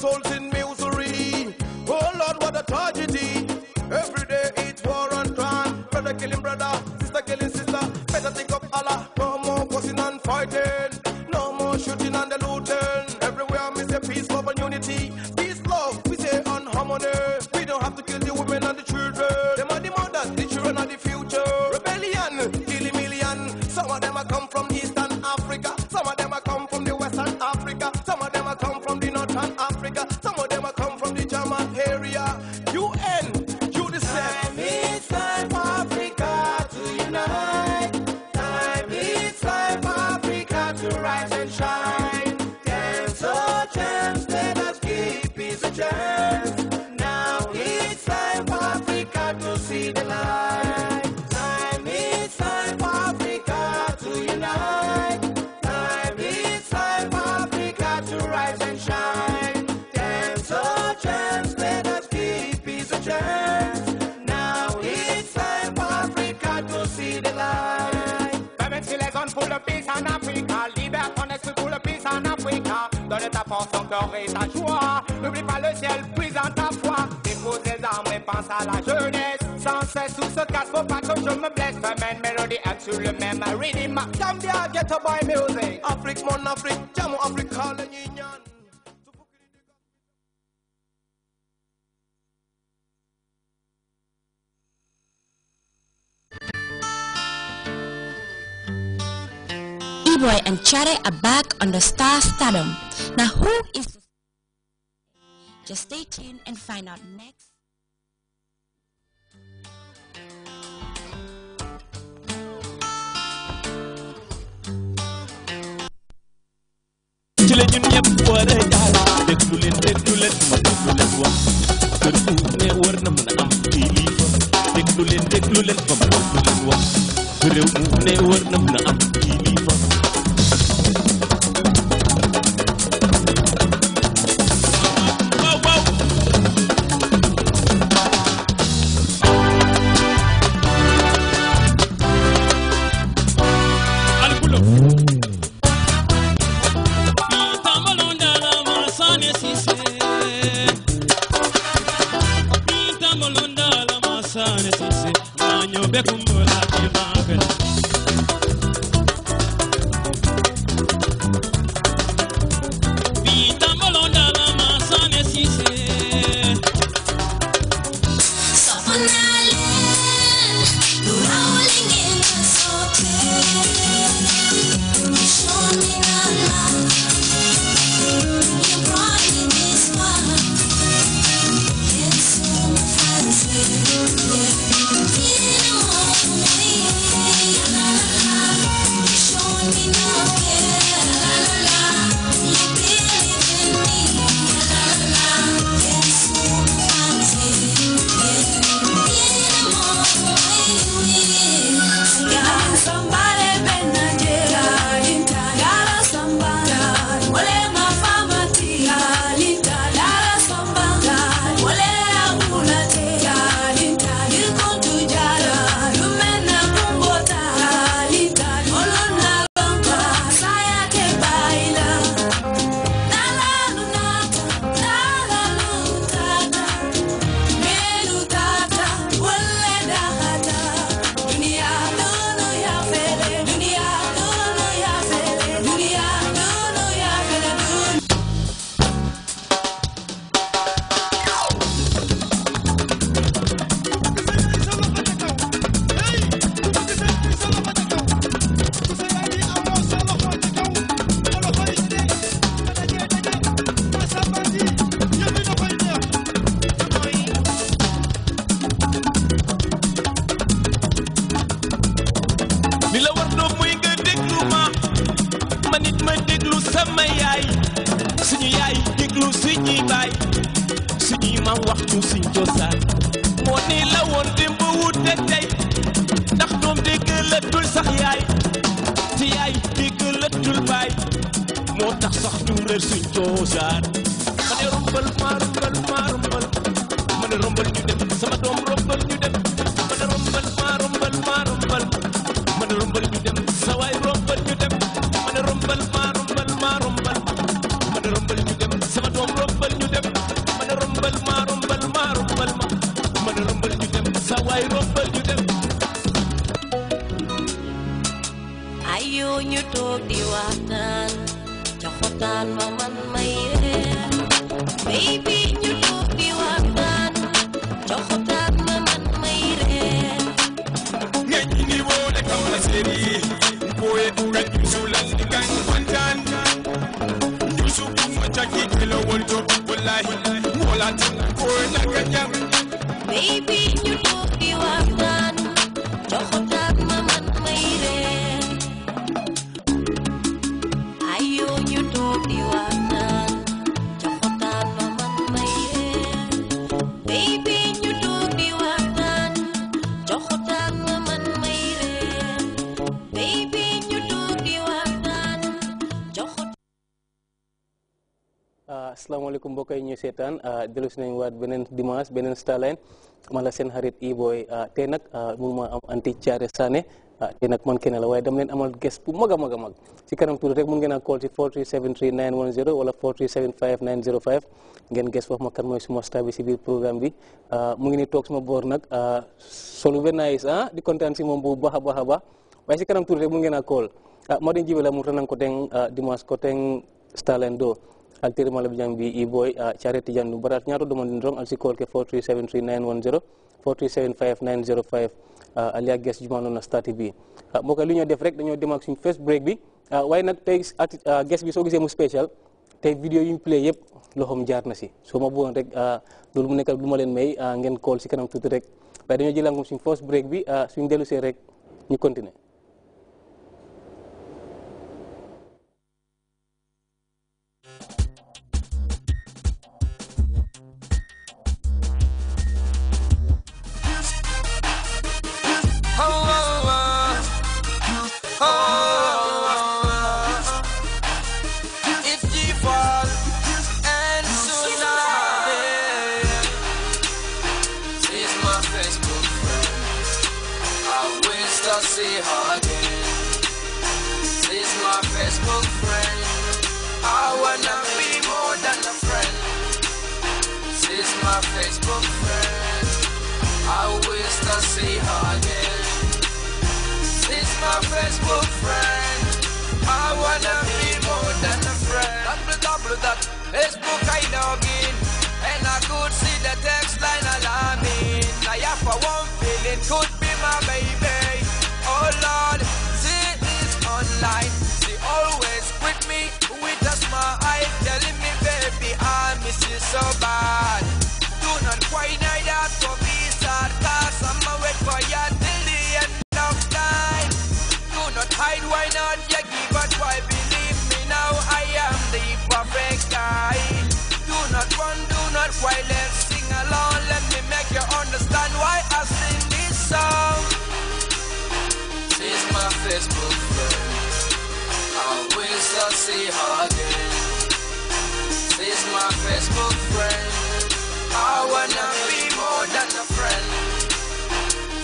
souls in misery. Oh Lord, what a tragedy. Every day it's war and crime. Brother killing brother, sister killing sister. Better think of Allah. No more cussing and fighting. No more shooting and looting. Everywhere I miss say peace, love and unity. Peace, love, we say and harmony. Africa. Libère ton esprit pour le pays en Africa. Donne ta force, ton cœur et ta joie. N'oublie pas le ciel, prise en ta foi. Dépose les armes et pense à la jeunesse. Sans cesse tout se casse faut pas que je me blesse. une mélodie, sur le même rythme. get a boy music. Afrique, mon Afrique, jamo Africa, le nignon Leroy and Chare are back on the star stardom. Now who is the Just stay tuned and find out next. tumbe. waxtu suñ cosaan moo ni la woon démb wuute tey ndax doom déggalatul sax yaay te yaay déggalatul baay moo tax sax ñu réer suñ cosaan ma ne rombal ma rombal ma rombal ma ne rombal ñu dem sama doom rombal ñu dem ma ne rombal ma rombal ma rombal ma ne rombal ñu dem sa waay rombal ñu dem ma ne rombal ma rombal ma rombal ma ne rombal ñu dem sama doom rombal on my Assalamualaikum Bokai yi ñu seetaan ah, dellu si nañ waat beneen dimanche beneen staline ma la seen ah, ah, ma am anti caare saane tey nag man kenn la waaye leen amal guest bu maga maga mag a si kanam tuuti rek mun ngeen call ci 437 wala 4375905 5905 ngeen guest wax ma kan mooy suma star bi si biir programme bi mu ngi ni suma nice ah di kontaan si moom bu baax a baax a baax si kanam tuuti rek mun ngeen call ma den jibe la mu tanan ko teng dimanche ko teng do Eh, al tiri mala bi i boy a charity jandu barat nyaato do mon ndong al sikol ke 4373910 4375905 aliya ges juma non na stati bi mo ko li ñoo def rek dañoo dem ak suñu first break bi uh, why waaye nag uh, eh, guest bi so gisee mu special tey video yi ñu play yëpp loxoom jaar na si so ma bëggoon rek loolu mu nekk lu ma leen may ngeen call si kanam tuuti rek waaye dañoo jëlangum suñu first break bi uh, suñu delu see rek ñu continuer Facebook friends. I wish to see her again. She's my Facebook friend. I wanna be more than a friend. Double double that Facebook I log in, and I could see the text line alarming. I have a one feeling could be my baby. Oh Lord, she is online. She always with me with a smile, telling me baby I miss you so bad. see her again. She's my Facebook friend. I wanna be more than a friend.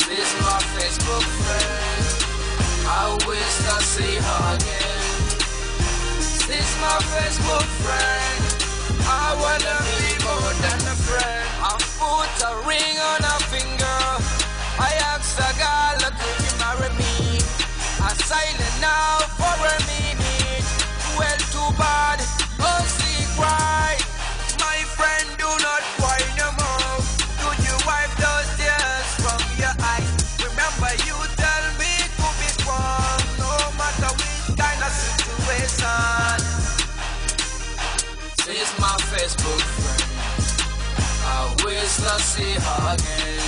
She's my Facebook friend. I wish I see her again. She's my Facebook friend. I see again.